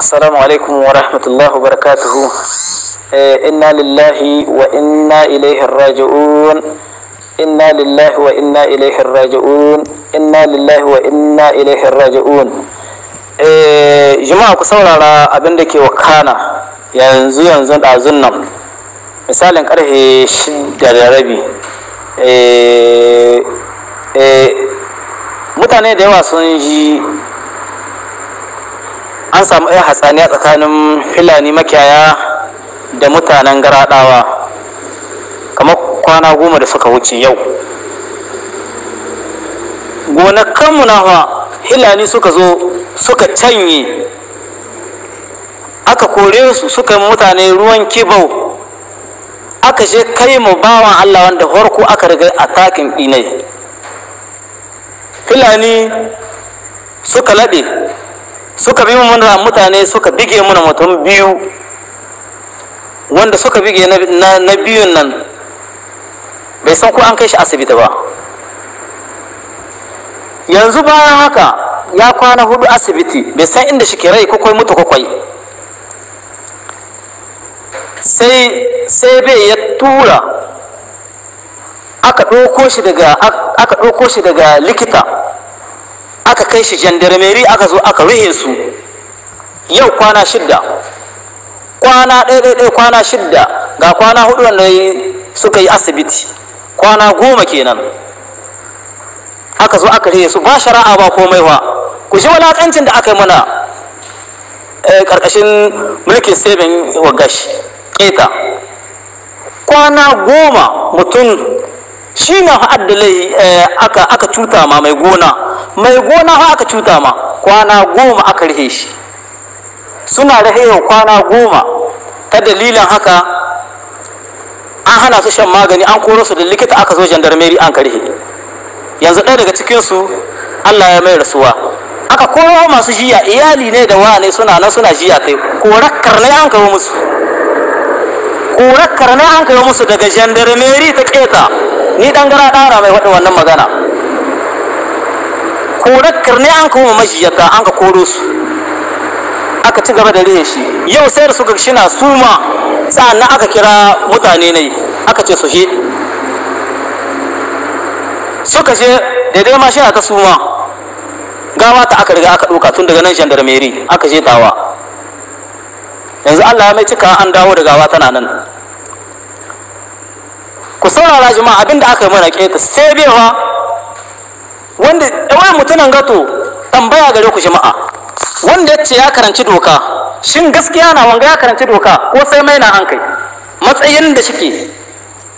assalamu alaikum wa rahmatullahi wa barakatuhu eh, inna lillahi wa inna ilaihi raji'un inna lillahi wa inna ilaihi raji'un inna lillahi wa inna ilaihi raji'un eh, jama'a ku saurara abin da ke wakana yanzu yanzu da nan misalin karfe shida da rabi eh, mutane da yawa sun ji an samu ɗaya hatsaniya tsakanin filani makiyaya da mutanen garaɗawa kamar kwana goma da suka wuce yau gonakanmu na hawa hilani suka zo suka canye aka kore su suka mutane ruwan kibau aka je kai mu bawan allah wanda farko aka riga a takin ɗinai filani suka laɓe suka bi muna mutane suka bige muna mutum biyu wanda suka bige na biyun nan bai san ko an kai shi asibiti ba yanzu bayan haka ya kwana hudu asibiti bai san inda shi ke rai kai mutu kwakwai sai sai bai ya tura aka ɗauko shi daga likita aka kai shi jandarmeri aka zo aka ruhe su yau kwana shidda kwana ɗaya kwana shidda ga kwana hudu wanda suka yi asibiti kwana goma kenan aka zo aka ruhe su ba shara'a ba komai ba ku ji walaƙancin da aka yi mana eh, ƙarƙashin mulkin seven wagash ƙeta kwana goma mutum shi ne eh, aka cuta ma mai gona mai gona ha aka cuta ma kwana goma aka rihe shi suna rahewa kwana goma ta dalilin haka an hana su shan magani an koro su da likita aka zo jandarmeri an karhe yanzu ɗaya daga cikinsu allah ya mai rasuwa aka koro masu jiya iyali ne da wane suna nan suna jiya kai korakkar ne an kawo musu korakkar ne an kawo musu daga jandarmeri ta keta ni dan gara ɗara mai waɗin wannan magana kore kirne an kuma majiyata an ka koro su aka ci gaba da rihe shi yau sai da suka shina suma sa'annan aka kira mutane ne aka ce su je suka je daidai ma na ta suma gawa ta aka riga aka ɗauka tun daga nan jandarmeri aka je tawa yanzu allah ya mai cika an dawo da gawa tana nan ku saurara jama'a abinda aka yi mana keta sai biyawa wanda ɗawar mutunan gato tambaya gare ku jama'a wanda ya ce ya karanci doka shin gaskiya na wanga ya karanci doka ko sai mai na an kai matsayin da shike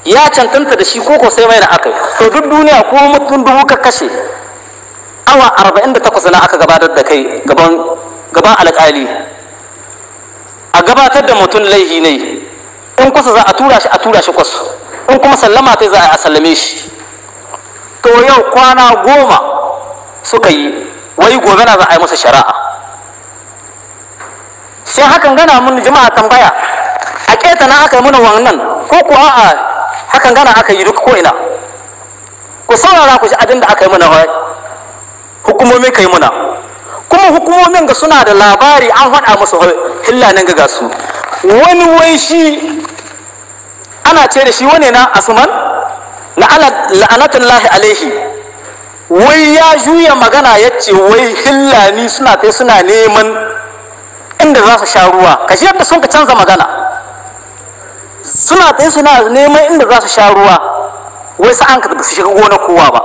ya cancanta da shi ko ko sai mai na akai to duk duniya ko mutum dubu ka kashe awa arba'in da takwas na aka gabatar da kai gaban gaban alƙali a gabatar da mutum laihi ne in kusa za a tura shi a tura shi kwasu in kuma sallama ta za a sallame shi to yau kwana goma suka yi wai gobe na za a yi musu shari'a sai hakan gana mun jama'a tambaya a keta na aka yi muna wannan ko kuwa a hakan gana aka yi duk ko ina ku saurara ku ji abin da aka yi muna hukumomi ka muna kuma hukumomin ga suna da labari an faɗa musu nan ga su wani wai shi ana ce da shi wani na asuman lahi alaihi wai ya juya magana ya ce wai hillani suna kai suna neman inda za su sha ruwa ka yadda sun ka canza magana suna kai suna neman inda za su sha ruwa wai sa an ka su shiga gona kowa ba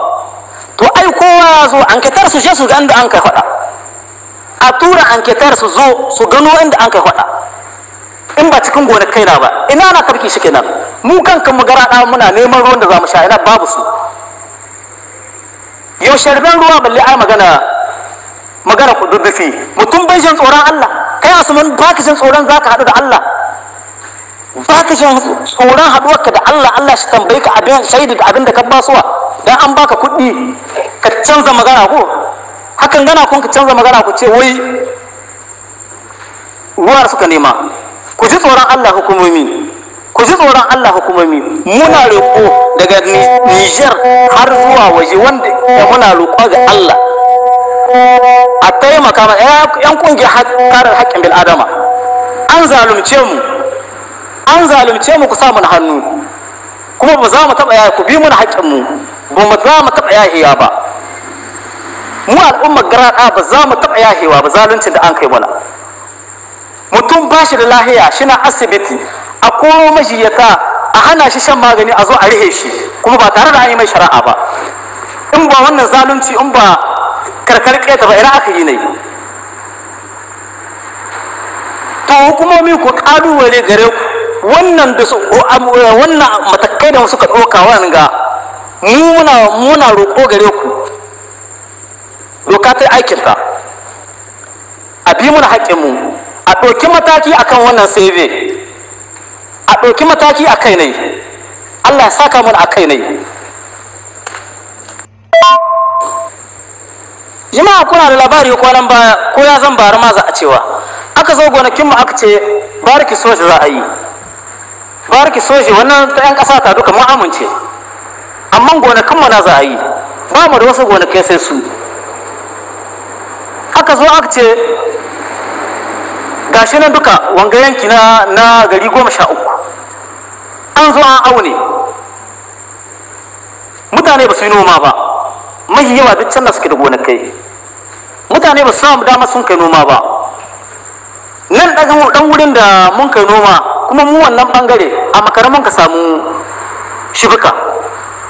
to ai kowa ya zo an ketar su su ga inda an ka faɗa a tura an ketar su zo su gano inda an ka faɗa in ba cikin gonar kaina ba ina na tarki shi kenan mu kan magara da muna neman ruwan da za mu sha ina babu su yau sharban ruwa balle ai magana magana kududdufi mutum bai jin tsoron Allah kai asuman ba ka jin tsoron za ka haɗu da Allah ba ka jin tsoron haɗuwarka da Allah Allah shi tambayi ka abin shaidu da abin da ka basuwa dan an baka kuɗi ka canza magana ko hakan gana kun ka canza magana ku ce wai ruwa suka nema ku ji tsoron Allah hukumomi ku ji tsoron Allah hukumomi muna roƙo daga Niger har zuwa waje wanda ya muna roƙo ga Allah a taimaka ma ƴan ƙungiyar karar haƙƙin adama an zalunce mu an zalunce mu ku sa mana hannu kuma ba za mu taɓa yaya ku bi mana haƙƙin mu ba mu za mu taɓa yahiya ba mu al'ummar garaɗa ba za mu taɓa yahewa ba zaluncin da an kai mana mutum ba shi da lahiya shi na asibiti koro majiyata, a hana shi shan magani a zo a rihe shi kuma ba tare da an yi mai shari'a ba in ba wannan zalunci in ba karkar keta ba ina aka yi ne to hukumomi ku kalubale gare ku wannan da wannan matakai da suka ɗauka wannan ga muna muna roƙo gare ku doka ta aikinta a bi muna mu, a ɗauki mataki akan wannan save a ɗauki mataki a kai ne Allah ya saka mun a kai ne jama'a kuna da labari kwanan baya ko ya zan bari ma za a cewa aka zo gonakinmu aka ce bariki soji za a yi bariki soji wannan ta 'yan ƙasa ta duka mun amince amma gonakinmu na za a yi ba mu da wasu gonakai sai su aka zo aka ce gashi nan duka wanga yanki na gari goma sha uku an zo an aune mutane ba su yi noma ba mai yawa duk can da suke da gonakai mutane ba su samu dama sun kai noma ba nan ɗan wurin da mun kai noma kuma mu wannan bangare a makaramin ka samu shibuka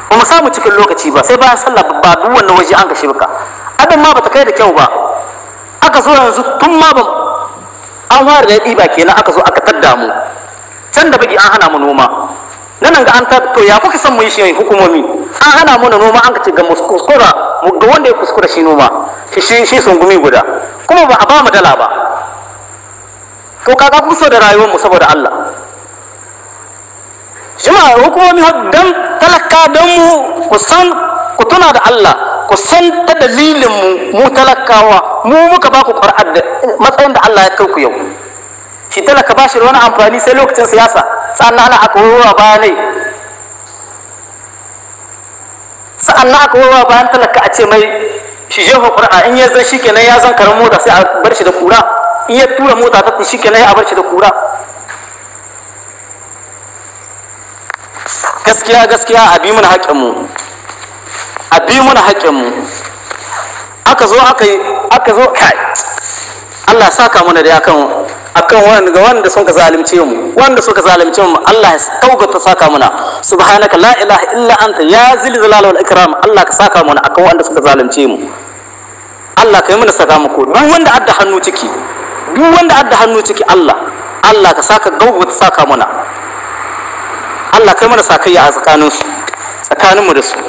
ba mu samu cikin lokaci ba sai bayan sallah ba duk wannan waje an ga shibuka abin ma ba ta kai da kyau ba aka zo yanzu tun ma ba an fara da ɗiba kenan aka zo aka tadda mu can da bagi an hana mu noma na nan ga an ta to ya kuka san mu yi shi hukumomi an hana mana noma an ka ce ga kuskura mu ga wanda ya kuskura shi noma shi shi gumi guda kuma ba a ba mu dala ba to kaga kusa da rayuwar mu saboda Allah jama'a hukumomi dan talaka dan mu ku san ku tuna da Allah ku san ta dalilin mu mu talakawa mu muka ba ku qur'an da matsayin da Allah ya kai ku yau shi talaka ba shi da wani amfani sai lokacin siyasa sannan aka wurwa Sa'an na aka wurwa bayan talaka a ce mai shi je qur'a in ya zan shi kenan ya zan karan mota sai a bar shi da kura in ya tura mota ta shi kenan ya bar shi da kura gaskiya gaskiya a bi mana mu, a bi mana mu, aka zo aka yi aka zo kai Allah saka mana da akan akan wanda sun ka zalunce mu wanda suka zalunci mu Allah ya taugata saka muna subhanaka la ilaha illa anta ya zil zalala wal ikram Allah ka saka muna akan wanda suka zalunce mu Allah ka yi mana muku duk wanda adda hannu ciki duk wanda adda hannu ciki Allah Allah ka saka gaugata saka muna Allah ka yi mana sakayya a tsakanin mu da su